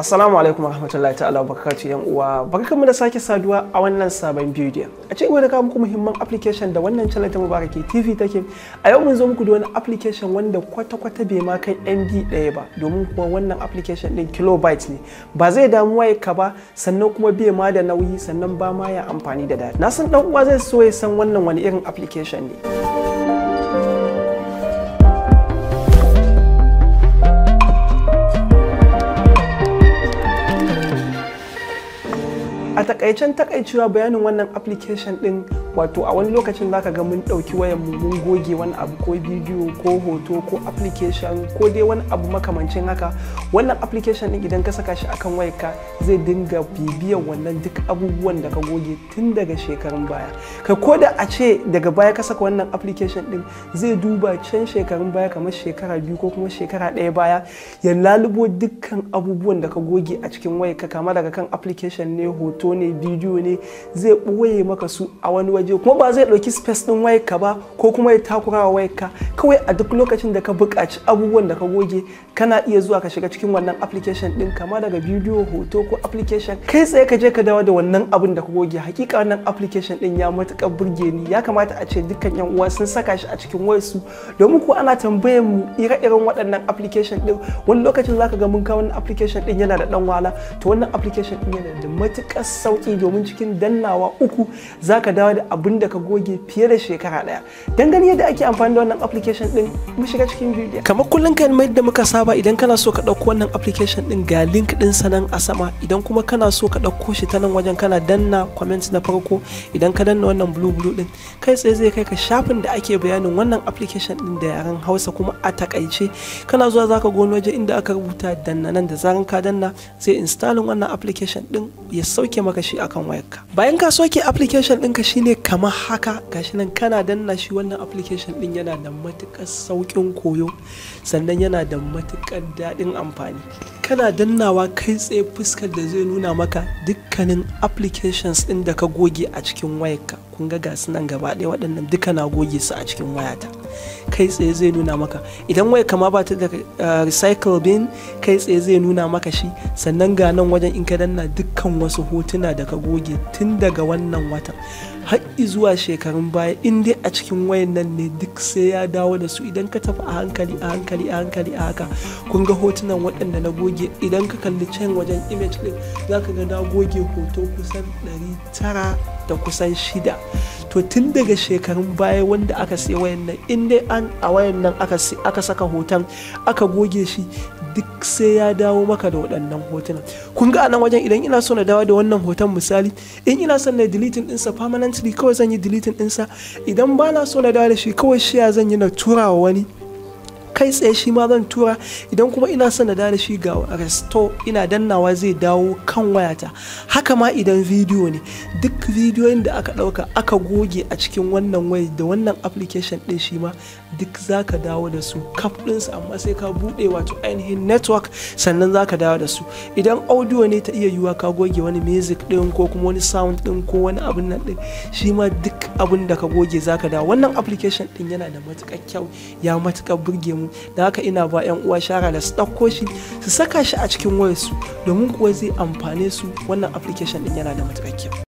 Assalamu alaikum warahmatullahi ta'ala barakatu yan uwa mu da sake saduwa a wannan sabon bidiyo. a cikin da kawo muku muhimman application da wannan channel ta Mubaraki TV take a yau mun zo muku da wani application wanda kwata kwata bai ma kai MB daya ba domin kuma wannan application din kilobyte ne ba zai damu waye ka ba sannan kuma bai ma da nauyi sannan ba ma ya amfani da dadi. na san dan uwa zai so ya san wannan wani irin application ne. a takaicen takaicewa bayanin wannan application din wato a wani lokacin zaka ga mun ɗauki wayan mu mun goge wani abu ko bidiyo ko hoto ko application ko dai wani abu makamancin haka wannan application ɗin idan ka saka shi akan wayarka zai dinga bibiyan wannan duk abubuwan da ka goge tun daga shekarun baya ka koda a ce daga baya ka saka wannan application din zai duba can shekarun baya kamar shekara biyu ko kuma shekara daya baya ya lalubo dukkan abubuwan da ka goge a cikin wayarka kama daga kan application ne hoto ne bidiyo ne zai ɓoye maka su a wani waje kuma ba zai ɗauki space ɗin wayarka ba ko kuma ya takura wa wayarka kawai a duk lokacin da ka buƙaci abubuwan da ka goge kana iya zuwa ka shiga cikin wannan application ɗin kama daga bidiyo hoto ko application kai tsaye ka je ka dawo da wannan abin da ka goge hakika wannan application ɗin ya matuƙar burge ni ya kamata a ce dukkan yan uwa sun saka shi a cikin wayarsu domin ko ana tambayar mu ire-iren waɗannan application ɗin wani lokacin zaka ga mun kawo wannan application ɗin yana da ɗan wala to wannan application ɗin yana da matuƙar sauki domin cikin dannawa uku zaka dawo da abin da ka goge fiye da shekara daya dangane yadda ake amfani da wannan application din mu shiga cikin bidiyo kamar kullun ka mai da muka saba idan kana so ka dauko wannan application din ga link din sanan a sama idan kuma kana so ka dauko shi ta nan wajen kana danna comment na farko idan ka danna wannan blue blue din kai tsaye zai kai ka shafin da ake bayanin wannan application din da yaren Hausa kuma a takaice kana zuwa zaka gono waje inda aka rubuta danna nan da zaran ka danna sai installing wannan application din ya sauke maka shi akan wayarka bayan ka soke application ɗinka shine kamar haka gashi nan kana danna shi wannan application din yana da matukar saukin koyo sannan yana da matukar daɗin amfani kana dannawa kai tsaye fuskar da zai nuna maka dukkanin applications din da ka goge a cikin wayarka kun ga gasu nan gaba ɗaya waɗannan duka na goge su a cikin wayata kai tsaye zai nuna maka idan wai kama ba ta da eh, recycle bin kai tsaye zai nuna maka shi sannan ga nan wajen in ka danna dukkan wasu hotuna da ka goge tun daga wannan watan har zuwa shekarun baya in dai a cikin wayan nan ne duk sai ya dawo da su idan ka tafi a hankali a hankali a hankali a haka kun ga hotunan waɗanda na goge idan ka kalli can wajen image din za ka ga na goge hoto kusan 900 da kusan shida to tun daga shekarun baya wanda aka sai wayan nan in dai an a wayan nan aka saka hoton aka goge shi duk sai ya dawo maka da waɗannan hotunan kun ga anan wajen idan ina so na dawo da wannan hoton misali in ina son na deleting ɗinsa permanently kawai zan yi deleting ɗinsa idan ba na so na dawo da shi kawai shiya zan yi na turawa wani kai tsaye shi ma zan tura idan kuma ina son na da shi ga resto ina dannawa zai dawo kan wayata haka ma idan bidiyo ne duk video da aka ɗauka aka goge a cikin wannan waya da wannan application ɗin shi ma duk za ka dawo da su kaf su amma sai ka buɗe wato ainihin network sannan zaka dawo da su idan audio ne ta iya yiwa ka goge wani music ɗin ko kuma wani sound ɗin ko wani abin nan ɗin shi ma duk abin da ka goge zaka dawo wannan application ɗin yana da matukar kyau ya matukar burge mu da haka ina ba 'yan uwa shara da su ɗauko shi su saka shi a cikin wayarsu domin kuwa zai amfane su wannan application ɗin yana da matuƙar